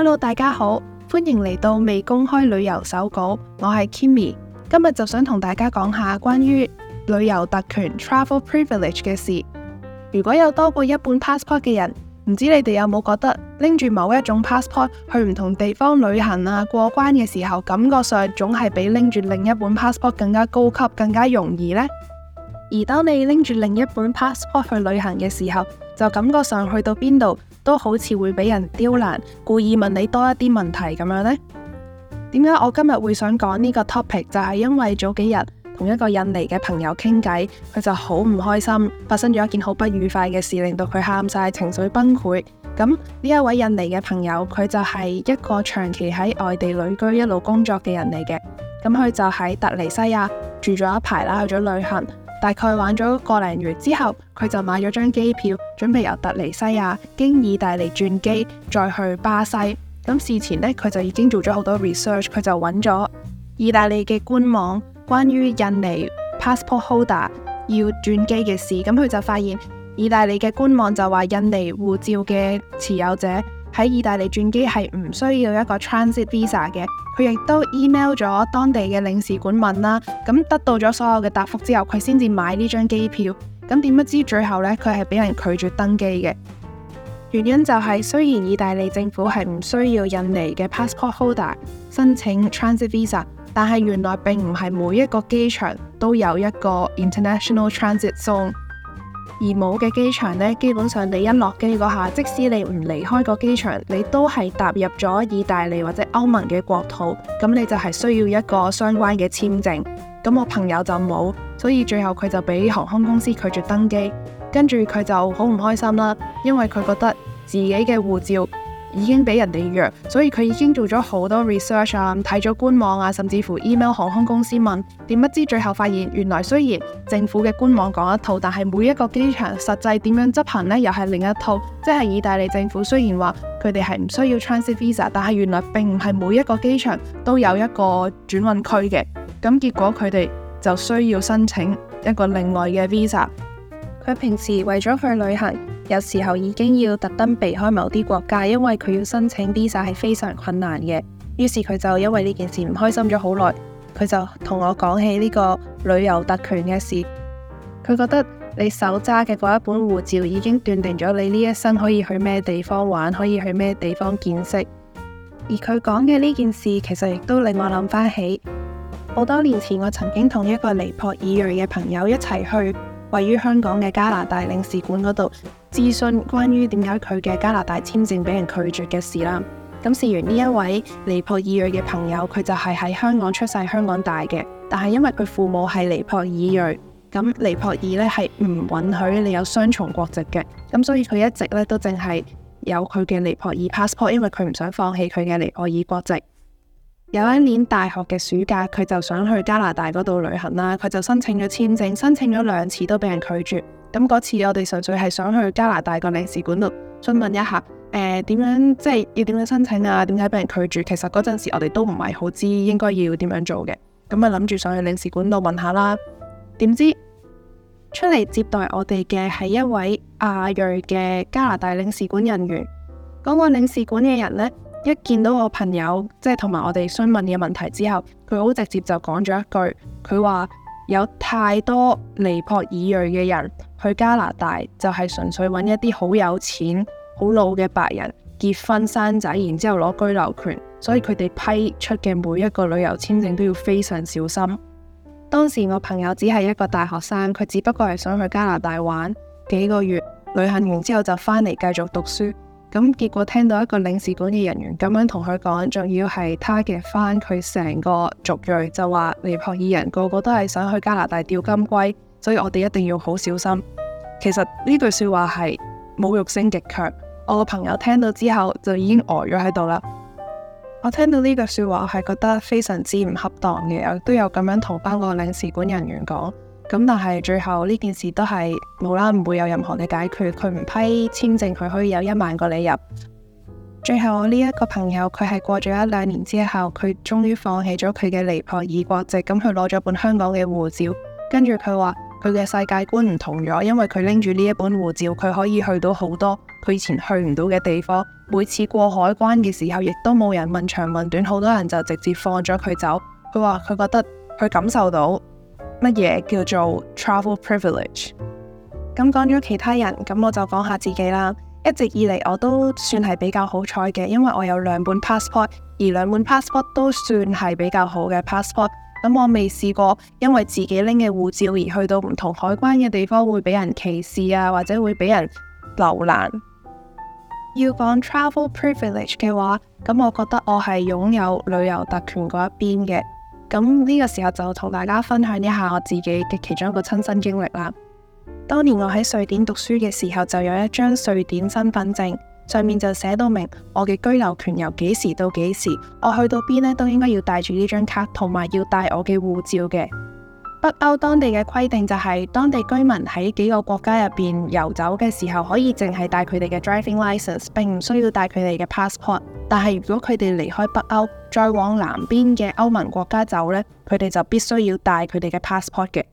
Hello，大家好，歡迎嚟到未公開旅遊手稿，我係 Kimmy，今日就想同大家講下關於旅遊特權 （travel privilege） 嘅事。如果有多過一本 passport 嘅人，唔知你哋有冇覺得拎住某一種 passport 去唔同地方旅行啊過關嘅時候，感覺上總係比拎住另一本 passport 更加高級、更加容易呢？而當你拎住另一本 passport 去旅行嘅時候，就感覺上去到邊度，都好似會俾人刁難，故意問你多一啲問題咁樣呢？點解我今日會想講呢個 topic？就係因為早幾日同一個印尼嘅朋友傾偈，佢就好唔開心，發生咗一件好不愉快嘅事，令到佢喊晒，情緒崩潰。咁呢一位印尼嘅朋友，佢就係一個長期喺外地旅居一路工作嘅人嚟嘅。咁佢就喺特尼西亞住咗一排啦，去咗旅行。大概玩咗個零月之後，佢就買咗張機票，準備由特尼西亞經意大利轉機再去巴西。咁事前呢，佢就已經做咗好多 research，佢就揾咗意大利嘅官網關於印尼 passport holder 要轉機嘅事。咁佢就發現意大利嘅官網就話印尼護照嘅持有者喺意大利轉機係唔需要一個 transit visa 嘅，佢亦都 email 咗當地嘅領事館問啦，咁得到咗所有嘅答覆之後，佢先至買呢張機票。咁點不知最後呢，佢係俾人拒絕登機嘅原因就係雖然意大利政府係唔需要印尼嘅 passport holder 申請 transit visa，但係原來並唔係每一個機場都有一個 international transit zone。而冇嘅機場呢，基本上你一落機嗰下，即使你唔離開個機場，你都係踏入咗意大利或者歐盟嘅國土，咁你就係需要一個相關嘅簽證。咁我朋友就冇，所以最後佢就俾航空公司拒絕登機，跟住佢就好唔開心啦，因為佢覺得自己嘅護照，已經俾人哋約，所以佢已經做咗好多 research 啊，睇咗官網啊，甚至乎 email 航空公司問，點不知最後發現，原來雖然政府嘅官網講一套，但係每一個機場實際點樣執行呢，又係另一套。即係意大利政府雖然話佢哋係唔需要 transit visa，但係原來並唔係每一個機場都有一個轉運區嘅，咁結果佢哋就需要申請一個另外嘅 visa。佢平時為咗去旅行，有時候已經要特登避開某啲國家，因為佢要申請 visa 係非常困難嘅。於是佢就因為呢件事唔開心咗好耐。佢就同我講起呢個旅遊特權嘅事。佢覺得你手揸嘅嗰一本護照已經斷定咗你呢一生可以去咩地方玩，可以去咩地方見識。而佢講嘅呢件事，其實亦都令我諗翻起好多年前，我曾經同一個尼泊爾裔嘅朋友一齊去，位於香港嘅加拿大領事館嗰度諮詢關於點解佢嘅加拿大簽證俾人拒絕嘅事啦。咁事完呢一位尼泊爾裔嘅朋友，佢就係喺香港出世，香港大嘅，但係因為佢父母係尼泊爾裔，咁尼泊爾呢係唔允許你有雙重國籍嘅，咁所以佢一直呢都淨係有佢嘅尼泊爾 passport，因為佢唔想放棄佢嘅尼泊爾國籍。有一年大學嘅暑假，佢就想去加拿大嗰度旅行啦。佢就申請咗簽證，申請咗兩次都俾人拒絕。咁嗰次我哋純粹係想去加拿大個領事館度詢問一下，誒、呃、點樣即係要點樣申請啊？點解俾人拒絕？其實嗰陣時我哋都唔係好知應該要點樣做嘅。咁啊諗住上去領事館度問下啦，點知出嚟接待我哋嘅係一位亞裔嘅加拿大領事館人員。嗰、嗰個領事館嘅人呢。一見到我朋友，即係同埋我哋詢問嘅問題之後，佢好直接就講咗一句，佢話有太多尼泊爾裔嘅人去加拿大，就係、是、純粹揾一啲好有錢、好老嘅白人結婚生仔，然之後攞居留權，所以佢哋批出嘅每一個旅遊簽證都要非常小心。當時我朋友只係一個大學生，佢只不過係想去加拿大玩幾個月，旅行完之後就返嚟繼續讀書。咁結果聽到一個領事館嘅人員咁樣同佢講，仲要係 target 翻佢成個族裔就話尼泊爾人個個都係想去加拿大釣金龜，所以我哋一定要好小心。其實呢句說話係侮辱性極強，我個朋友聽到之後就已經呆咗喺度啦。我聽到呢句說話，我係覺得非常之唔恰當嘅，我都有咁樣同翻個領事館人員講。咁但係最後呢件事都係冇啦，唔會有任何嘅解決。佢唔批簽證，佢可以有一萬個理由。最後我呢一個朋友，佢係過咗一兩年之後，佢終於放棄咗佢嘅尼泊爾國籍，咁佢攞咗本香港嘅護照。跟住佢話佢嘅世界觀唔同咗，因為佢拎住呢一本護照，佢可以去到好多佢以前去唔到嘅地方。每次過海關嘅時候，亦都冇人問長問短，好多人就直接放咗佢走。佢話佢覺得佢感受到。乜嘢叫做 travel privilege？咁講咗其他人，咁我就講下自己啦。一直以嚟我都算係比較好彩嘅，因為我有兩本 passport，而兩本 passport 都算係比較好嘅 passport。咁我未試過因為自己拎嘅護照而去到唔同海關嘅地方會俾人歧視啊，或者會俾人刁難。要講 travel privilege 嘅話，咁我覺得我係擁有旅遊特權嗰一邊嘅。咁呢個時候就同大家分享一下我自己嘅其中一個親身經歷啦。當年我喺瑞典讀書嘅時候，就有一張瑞典身份證，上面就寫到明我嘅居留權由幾時到幾時，我去到邊呢，都應該要帶住呢張卡，同埋要帶我嘅護照嘅。北歐當地嘅規定就係，當地居民喺幾個國家入邊遊走嘅時候，可以淨係帶佢哋嘅 driving license，並唔需要帶佢哋嘅 passport。但係如果佢哋離開北歐，再往南邊嘅歐盟國家走呢，佢哋就必須要帶佢哋嘅 passport 嘅。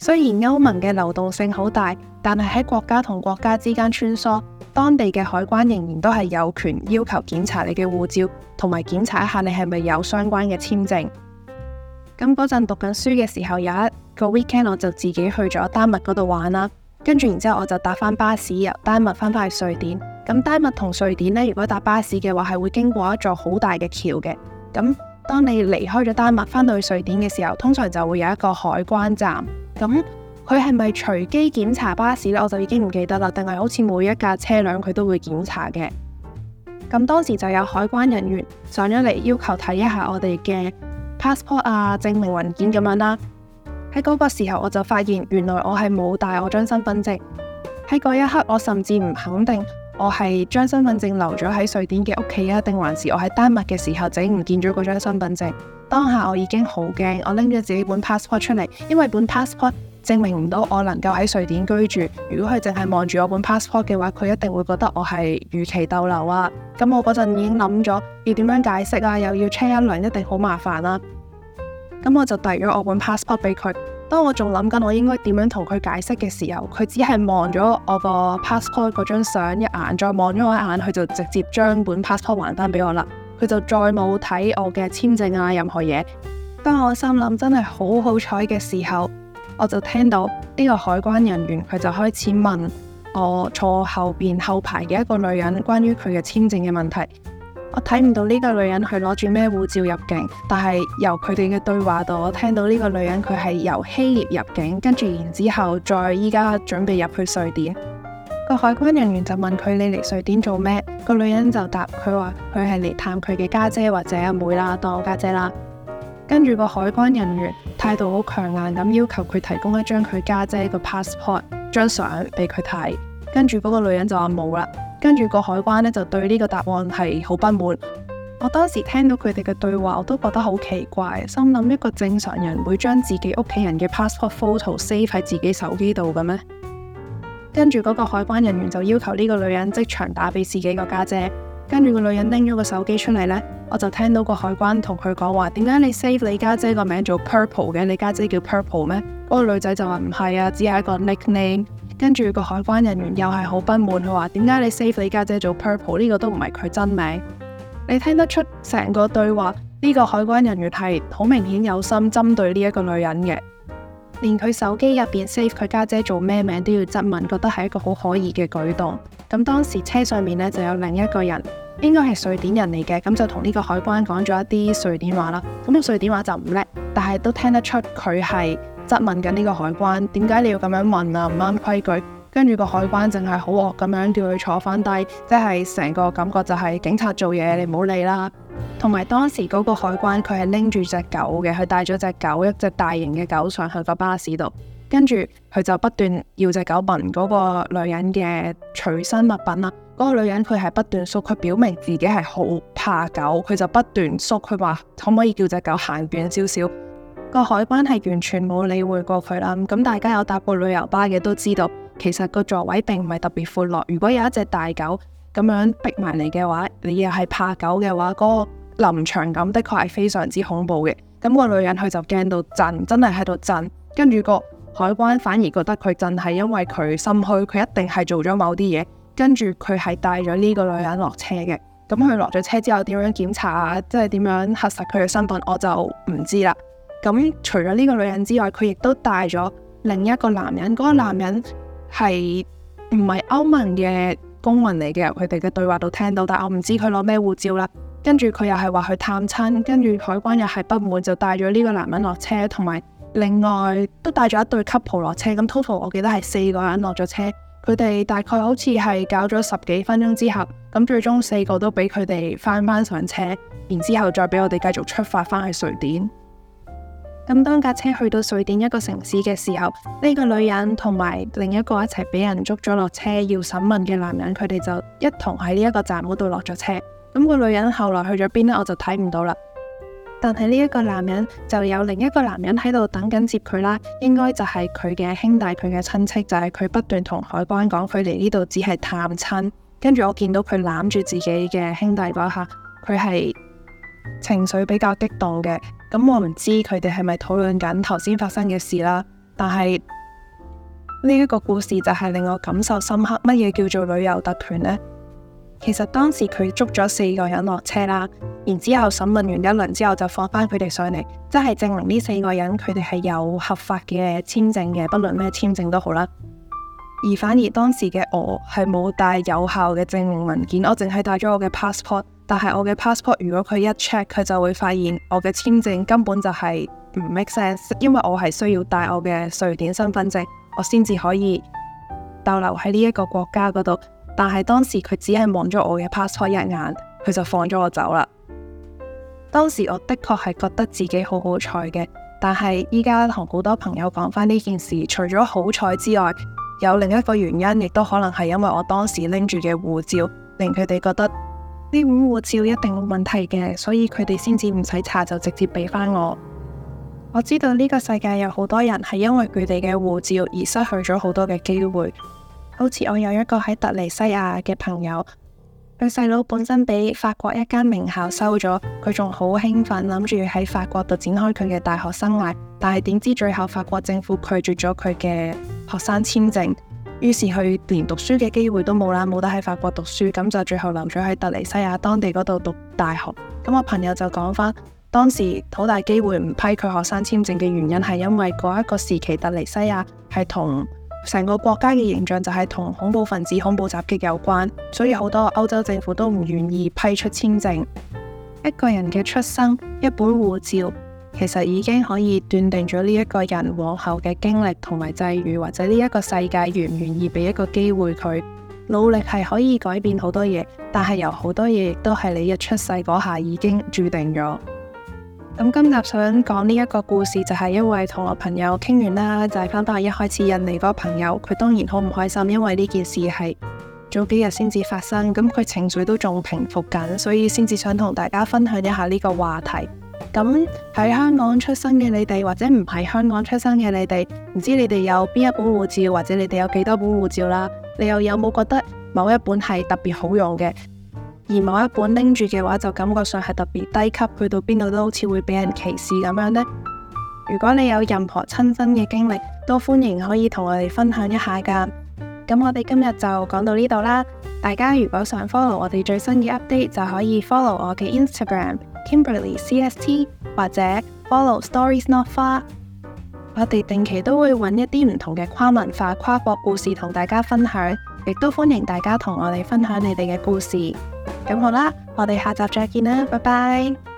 雖然歐盟嘅流動性好大，但係喺國家同國家之間穿梭，當地嘅海關仍然都係有權要求檢查你嘅護照，同埋檢查一下你係咪有相關嘅簽證。咁嗰陣讀緊書嘅時候，有一個 weekend 我就自己去咗丹麥嗰度玩啦。跟住然之後，我就搭翻巴士由丹麥翻返去瑞典。咁丹麥同瑞典呢，如果搭巴士嘅話，係會經過一座好大嘅橋嘅。咁當你離開咗丹麥翻到去瑞典嘅時候，通常就會有一個海關站。咁佢係咪隨機檢查巴士呢？我就已經唔記得啦，定係好似每一架車輛佢都會檢查嘅。咁當時就有海關人員上咗嚟，要求睇一下我哋嘅。passport 啊，證明文件咁樣啦、啊。喺嗰個時候我就發現，原來我係冇帶我張身份證。喺嗰一刻，我甚至唔肯定我係將身份證留咗喺瑞典嘅屋企啊，定還是我喺丹麥嘅時候整唔見咗嗰張身份證？當下我已經好驚，我拎咗自己本 passport 出嚟，因為本 passport。證明唔到我能夠喺瑞典居住。如果佢淨係望住我本 passport 嘅話，佢一定會覺得我係逾期逗留啊！咁我嗰陣已經諗咗要點樣解釋啊，又要 check 一輪，一定好麻煩啦、啊。咁我就遞咗我本 passport 俾佢。當我仲諗緊我應該點樣同佢解釋嘅時候，佢只係望咗我個 passport 嗰張相一眼，再望咗我一眼，佢就直接將本 passport 還翻俾我啦。佢就再冇睇我嘅簽證啊，任何嘢。當我心諗真係好好彩嘅時候。我就聽到呢個海關人員佢就開始問我坐後邊後排嘅一個女人關於佢嘅簽證嘅問題。我睇唔到呢個女人佢攞住咩護照入境，但係由佢哋嘅對話度，我聽到呢個女人佢係由希臘入境，跟住然之後再依家準備入去瑞典。個海關人員就問佢你嚟瑞典做咩？個女人就答佢話佢係嚟探佢嘅家姐或者阿妹啦，當我家姐啦。跟住個海關人員態度好強硬咁要求佢提供一張佢家姐個 passport 張相俾佢睇，跟住嗰個女人就話冇啦。跟住個海關呢，就對呢個答案係好不滿。我當時聽到佢哋嘅對話，我都覺得好奇怪，心諗，一個正常人會將自己屋企人嘅 passport photo save 喺自己手機度嘅咩？跟住嗰個海關人員就要求呢個女人即場打俾自己個家姐，姐，跟住個女人拎咗個手機出嚟呢。我就聽到個海關同佢講話，點解你 save 你家姐個名做 Purple 嘅？你家姐叫 Purple 咩？嗰個女仔就話唔係啊，只係一個 nickname。跟住個海關人員又係好不滿，佢話點解你 save 你家姐做 Purple？呢個都唔係佢真名。你聽得出成個對話，呢個海關人員係好明顯有心針對呢一個女人嘅。連佢手機入邊 save 佢家姐做咩名都要質問，覺得係一個好可疑嘅舉動。咁當時車上面呢就有另一個人，應該係瑞典人嚟嘅，咁就同呢個海關講咗一啲瑞典話啦。咁個瑞典話就唔叻，但係都聽得出佢係質問緊呢個海關，點解你要咁樣問啊？唔啱規矩。跟住個海關淨係好惡咁樣叫佢坐翻低，即係成個感覺就係警察做嘢，你唔好理啦。同埋當時嗰個海關佢係拎住隻狗嘅，佢帶咗隻狗，一隻大型嘅狗上去個巴士度，跟住佢就不斷要隻狗聞嗰個女人嘅隨身物品啦。嗰個女人佢係不斷縮，佢表明自己係好怕狗，佢就不斷縮。佢話可唔可以叫隻狗行遠少少？個海關係完全冇理會過佢啦。咁大家有搭過旅遊巴嘅都知道，其實個座位並唔係特別闊落，如果有一隻大狗。咁樣逼埋嚟嘅話，你又係怕狗嘅話，嗰個臨場感的確係非常之恐怖嘅。咁個女人佢就驚到震，真係喺度震。跟住個海關反而覺得佢震係因為佢心虛，佢一定係做咗某啲嘢。跟住佢係帶咗呢個女人落車嘅。咁佢落咗車之後點樣檢查啊？即係點樣核實佢嘅身份？我就唔知啦。咁除咗呢個女人之外，佢亦都帶咗另一個男人。嗰個男人係唔係歐盟嘅？公民嚟嘅，佢哋嘅對話度聽到，但我唔知佢攞咩護照啦。跟住佢又係話去探親，跟住海關又係不滿，就帶咗呢個男人落車，同埋另外都帶咗一對 couple 落車。咁 total 我記得係四個人落咗車，佢哋大概好似係搞咗十幾分鐘之後，咁最終四個都俾佢哋翻翻上車，然之後再俾我哋繼續出發翻去瑞典。咁當架車去到瑞典一個城市嘅時候，呢個女人同埋另一個一齊俾人捉咗落車要審問嘅男人，佢哋就一同喺呢一個站嗰度落咗車。咁個女人後來去咗邊呢？我就睇唔到啦。但係呢一個男人就有另一個男人喺度等緊接佢啦，應該就係佢嘅兄弟，佢嘅親戚。就係佢不斷同海關講佢嚟呢度只係探親。跟住我見到佢攬住自己嘅兄弟嗰一刻，佢係情緒比較激動嘅。咁、嗯、我唔知佢哋係咪討論緊頭先發生嘅事啦，但係呢一個故事就係令我感受深刻，乜嘢叫做旅遊特權呢？其實當時佢捉咗四個人落車啦，然之後審問完一輪之後就放翻佢哋上嚟，即係證明呢四個人佢哋係有合法嘅簽證嘅，不論咩簽證都好啦。而反而當時嘅我係冇帶有效嘅證明文件，我淨係帶咗我嘅 passport。但係我嘅 passport 如果佢一 check 佢就會發現我嘅簽證根本就係唔 make sense，因為我係需要帶我嘅瑞典身份證，我先至可以逗留喺呢一個國家嗰度。但係當時佢只係望咗我嘅 passport 一眼，佢就放咗我走啦。當時我的確係覺得自己好好彩嘅，但係依家同好多朋友講翻呢件事，除咗好彩之外，有另一個原因，亦都可能係因為我當時拎住嘅護照令佢哋覺得。呢本護照一定冇問題嘅，所以佢哋先至唔使查就直接俾翻我。我知道呢個世界有好多人係因為佢哋嘅護照而失去咗好多嘅機會，好似我有一個喺突尼西亞嘅朋友，佢細佬本身俾法國一間名校收咗，佢仲好興奮諗住喺法國度展開佢嘅大學生涯，但係點知最後法國政府拒絕咗佢嘅學生簽證。於是佢連讀書嘅機會都冇啦，冇得喺法國讀書，咁就最後留咗喺突尼西亞當地嗰度讀大學。咁我朋友就講返，當時好大機會唔批佢學生簽證嘅原因係因為嗰一個時期突尼西亞係同成個國家嘅形象就係同恐怖分子、恐怖襲擊有關，所以好多歐洲政府都唔願意批出簽證。一個人嘅出生，一本護照。其實已經可以斷定咗呢一個人往後嘅經歷同埋際遇，或者呢一個世界願唔願意俾一個機會佢，努力係可以改變好多嘢，但係有好多嘢亦都係你一出世嗰下已經注定咗。咁今集想講呢一個故事，就係因為同我朋友傾完啦，就係翻翻一開始印尼嗰個朋友，佢當然好唔開心，因為呢件事係早幾日先至發生，咁佢情緒都仲平復緊，所以先至想同大家分享一下呢個話題。咁喺香港出生嘅你哋，或者唔係香港出生嘅你哋，唔知你哋有邊一本護照，或者你哋有幾多本護照啦？你又有冇覺得某一本係特別好用嘅，而某一本拎住嘅話就感覺上係特別低級，去到邊度都好似會俾人歧視咁樣呢。如果你有任何親身嘅經歷，都歡迎可以同我哋分享一下噶。咁我哋今日就講到呢度啦。大家如果想 follow 我哋最新嘅 update，就可以 follow 我嘅 Instagram。Kimberley CST 或者 Follow Stories Not Far，我哋定期都會搵一啲唔同嘅跨文化、跨國故事同大家分享，亦都歡迎大家同我哋分享你哋嘅故事。咁好啦，我哋下集再見啦，拜拜。